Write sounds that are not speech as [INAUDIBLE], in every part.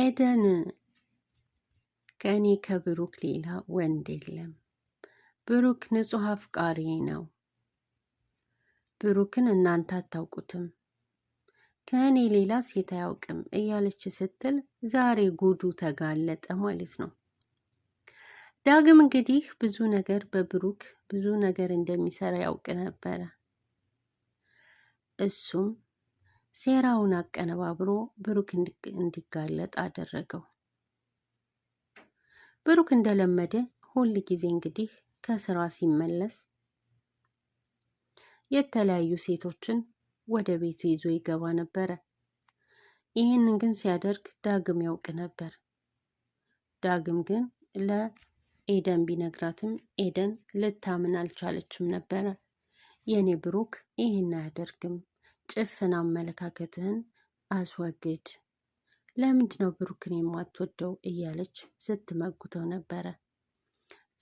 ኤደን ከእኔ ከብሩክ ሌላ ወንድ የለም። ብሩክ ንጹሕ አፍቃሪ ነው። ብሩክን እናንተ አታውቁትም፣ ከእኔ ሌላ ሴት አያውቅም እያለች ስትል ዛሬ ጉዱ ተጋለጠ ማለት ነው። ዳግም እንግዲህ ብዙ ነገር በብሩክ ብዙ ነገር እንደሚሰራ ያውቅ ነበረ። እሱም ሴራውን አቀነባብሮ ብሩክ እንዲጋለጥ አደረገው። ብሩክ እንደለመደ ሁል ጊዜ እንግዲህ ከስራ ሲመለስ የተለያዩ ሴቶችን ወደ ቤቱ ይዞ ይገባ ነበረ። ይህንን ግን ሲያደርግ ዳግም ያውቅ ነበር። ዳግም ግን ለኤደን ቢነግራትም ኤደን ልታምን አልቻለችም ነበረ። የኔ ብሩክ ይህን አያደርግም ጭፍን አመለካከትህን አስወግድ። ለምንድ ነው ብሩክን የማትወደው እያለች ስትመጉተው ነበረ።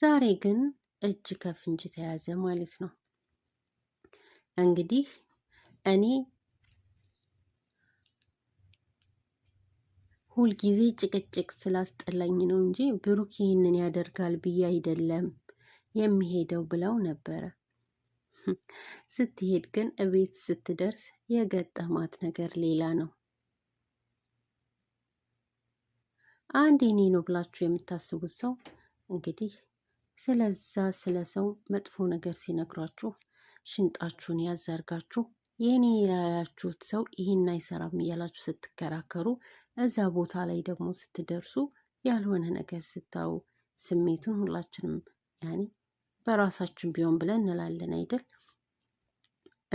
ዛሬ ግን እጅ ከፍንጅ ተያዘ ማለት ነው። እንግዲህ እኔ ሁልጊዜ ጭቅጭቅ ስላስጠላኝ ነው እንጂ ብሩክ ይህንን ያደርጋል ብዬ አይደለም የሚሄደው ብለው ነበረ። ስትሄድ ግን እቤት ስትደርስ የገጠማት ነገር ሌላ ነው። አንድ የኔ ነው ብላችሁ የምታስቡት ሰው እንግዲህ ስለዛ ስለ ሰው መጥፎ ነገር ሲነግሯችሁ ሽንጣችሁን ያዘርጋችሁ የኔ ያላችሁት ሰው ይህን አይሰራም እያላችሁ ስትከራከሩ፣ እዛ ቦታ ላይ ደግሞ ስትደርሱ ያልሆነ ነገር ስታዩ ስሜቱን ሁላችንም ያኔ በራሳችን ቢሆን ብለን እንላለን አይደል?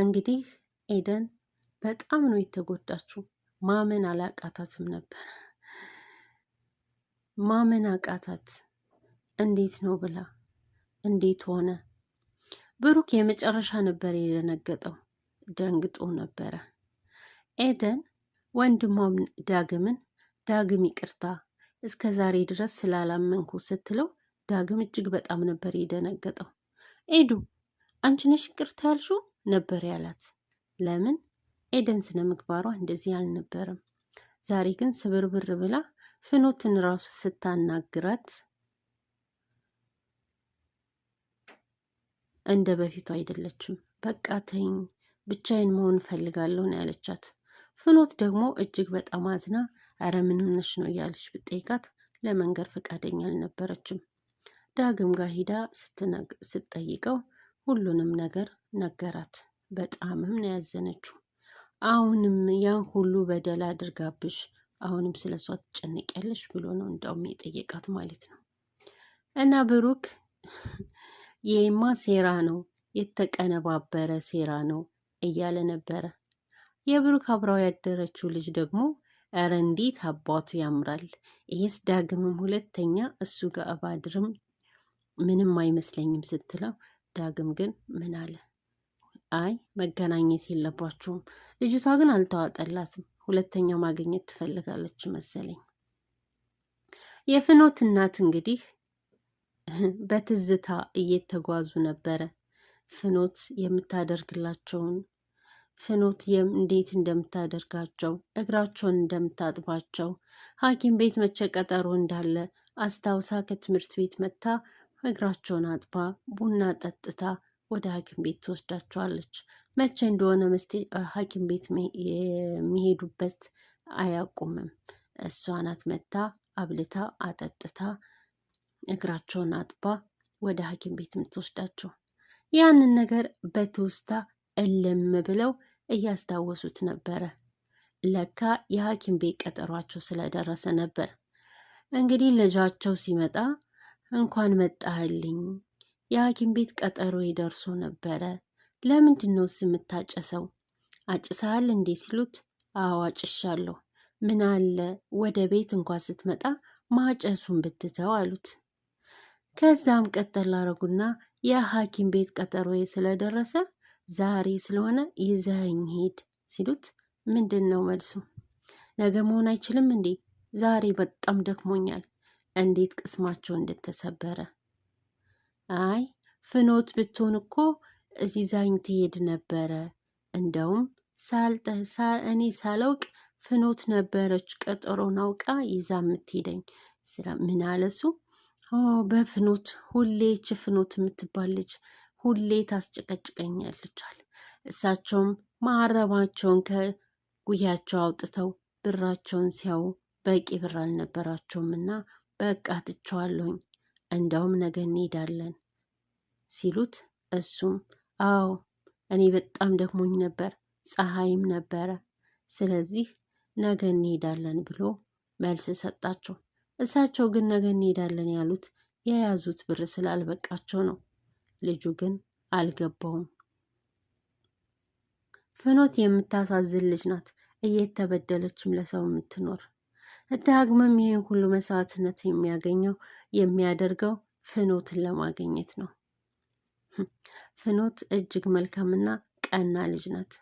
እንግዲህ ኤደን በጣም ነው የተጎዳችው። ማመን አላቃታትም ነበር። ማመን አቃታት። እንዴት ነው ብላ እንዴት ሆነ? ብሩክ የመጨረሻ ነበር የደነገጠው። ደንግጦ ነበረ። ኤደን ወንድሟም ዳግምን ዳግም ይቅርታ እስከ ዛሬ ድረስ ስላላመንኩ ስትለው ዳግም እጅግ በጣም ነበር የደነገጠው። ኤዱ አንቺ ነሽ ይቅርታ ያልሹ ነበር ያላት። ለምን ኤደን ስነ ምግባሯ እንደዚህ አልነበረም። ዛሬ ግን ስብርብር ብላ ፍኖትን ራሱ ስታናግራት እንደ በፊቱ አይደለችም። በቃ ተይኝ፣ ብቻዬን መሆን እፈልጋለሁ ነው ያለቻት። ፍኖት ደግሞ እጅግ በጣም አዝና፣ ኧረ ምን ሆነሽ ነው እያለች ብጠይቃት ለመንገር ፈቃደኛ አልነበረችም። ዳግም ጋር ሂዳ ስትጠይቀው ሁሉንም ነገር ነገራት። በጣምም ነው ያዘነችው። አሁንም ያን ሁሉ በደል አድርጋብሽ አሁንም ስለ እሷ ትጨነቂያለሽ ብሎ ነው እንዳውም የጠየቃት ማለት ነው። እና ብሩክ [LAUGHS] የማ ሴራ ነው የተቀነባበረ ሴራ ነው እያለ ነበረ። የብሩክ አብራው ያደረችው ልጅ ደግሞ ኧረ እንዴት አባቱ ያምራል! ይሄስ ዳግምም ሁለተኛ እሱ ጋር አባድርም ምንም አይመስለኝም ስትለው፣ ዳግም ግን ምን አለ? አይ መገናኘት የለባችሁም። ልጅቷ ግን አልተዋጠላትም። ሁለተኛው ማግኘት ትፈልጋለች መሰለኝ። የፍኖት እናት እንግዲህ [LAUGHS] በትዝታ እየተጓዙ ነበረ። ፍኖት የምታደርግላቸውን ፍኖት እንዴት እንደምታደርጋቸው እግራቸውን እንደምታጥባቸው ሐኪም ቤት መቼ ቀጠሮ እንዳለ አስታውሳ ከትምህርት ቤት መታ። እግራቸውን አጥባ ቡና ጠጥታ ወደ ሐኪም ቤት ትወስዳቸዋለች። መቼ እንደሆነ መስቴ ሐኪም ቤት የሚሄዱበት አያቁምም። እሷ ናት መታ አብልታ አጠጥታ እግራቸውን አጥባ ወደ ሐኪም ቤት የምትወስዳቸው። ያንን ነገር በትውስታ እልም ብለው እያስታወሱት ነበረ። ለካ የሐኪም ቤት ቀጠሯቸው ስለደረሰ ነበር። እንግዲህ ልጃቸው ሲመጣ እንኳን መጣህልኝ። የሐኪም ቤት ቀጠሮ ደርሶ ነበረ። ለምንድን ነው የምታጨሰው? አጭሰሃል እንዴ ሲሉት አዎ አጭሻለሁ። ምን አለ ወደ ቤት እንኳ ስትመጣ ማጨሱን ብትተው አሉት። ከዛም ቀጠል አረጉና የሐኪም ቤት ቀጠሮ ስለደረሰ ዛሬ ስለሆነ ይዘኸኝ ሂድ ሲሉት ምንድን ነው መልሱ? ነገ መሆን አይችልም እንዴ? ዛሬ በጣም ደክሞኛል እንዴት ቅስማቸው እንደተሰበረ። አይ ፍኖት ብትሆን እኮ ይዛኝ ትሄድ ነበረ። እንደውም እኔ ሳላውቅ ፍኖት ነበረች ቀጠሮን አውቃ ይዛ የምትሄደኝ። ስራ ምን አለሱ በፍኖት ሁሌ ይች ፍኖት የምትባል ልጅ ሁሌ ታስጨቀጭቀኛለች አለ። እሳቸውም ማረባቸውን ከጉያቸው አውጥተው ብራቸውን ሲያዩ በቂ ብር አልነበራቸውም እና በቃ ትቸዋለሁኝ፣ እንደውም ነገ እንሄዳለን ሲሉት እሱም አዎ እኔ በጣም ደክሞኝ ነበር፣ ፀሐይም ነበረ፣ ስለዚህ ነገ እንሄዳለን ብሎ መልስ ሰጣቸው። እሳቸው ግን ነገ እንሄዳለን ያሉት የያዙት ብር ስላልበቃቸው ነው። ልጁ ግን አልገባውም። ፍኖት የምታሳዝን ልጅ ናት፣ እየተበደለችም ለሰው የምትኖር ዳግምም ይህን ሁሉ መስዋዕትነት የሚያገኘው የሚያደርገው ፍኖትን ለማግኘት ነው። ፍኖት እጅግ መልካምና ቀና ልጅ ናት።